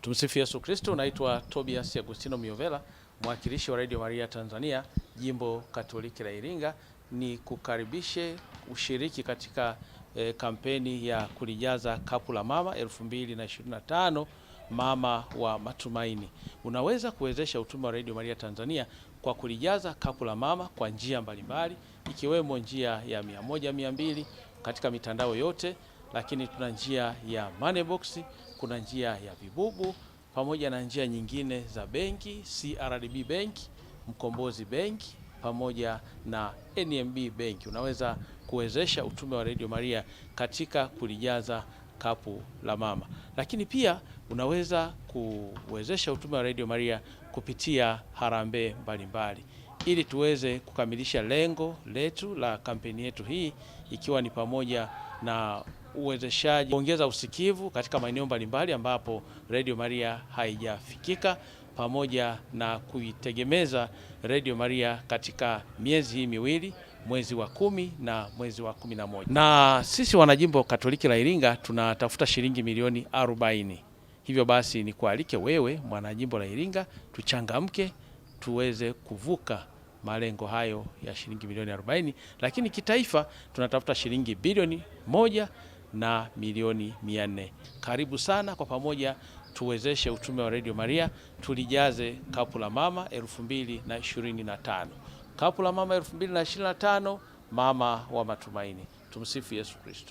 Tumsifu Yesu Kristo. Naitwa Tobias Agustino Miovela, mwakilishi wa Radio Maria Tanzania, jimbo Katoliki la Iringa. Ni kukaribishe ushiriki katika e, kampeni ya kulijaza kapu la mama 2025 mama wa matumaini. Unaweza kuwezesha utume wa Radio Maria Tanzania kwa kulijaza kapu la mama kwa njia mbalimbali, ikiwemo njia ya mia moja mia mbili katika mitandao yote lakini tuna njia ya money box, kuna njia ya vibubu pamoja na njia nyingine za benki, CRDB benki, Mkombozi benki pamoja na NMB benki. Unaweza kuwezesha utume wa Radio Maria katika kulijaza kapu la mama, lakini pia unaweza kuwezesha utume wa Radio Maria kupitia harambee mbalimbali ili tuweze kukamilisha lengo letu la kampeni yetu hii ikiwa ni pamoja na uwezeshaji, kuongeza usikivu katika maeneo mbalimbali ambapo Radio Maria haijafikika pamoja na kuitegemeza Radio Maria katika miezi hii miwili, mwezi wa kumi na mwezi wa kumi na moja. Na sisi wanajimbo Katoliki la Iringa tunatafuta shilingi milioni arobaini. Hivyo basi ni kualike wewe mwanajimbo la Iringa tuchangamke tuweze kuvuka malengo hayo ya shilingi milioni 40, lakini kitaifa tunatafuta shilingi bilioni moja na milioni nne. Karibu sana, kwa pamoja tuwezeshe utume wa Radio Maria, tulijaze kapu la mama 2025. Kapu la mama 2025, mama wa matumaini. Tumsifu Yesu Kristo.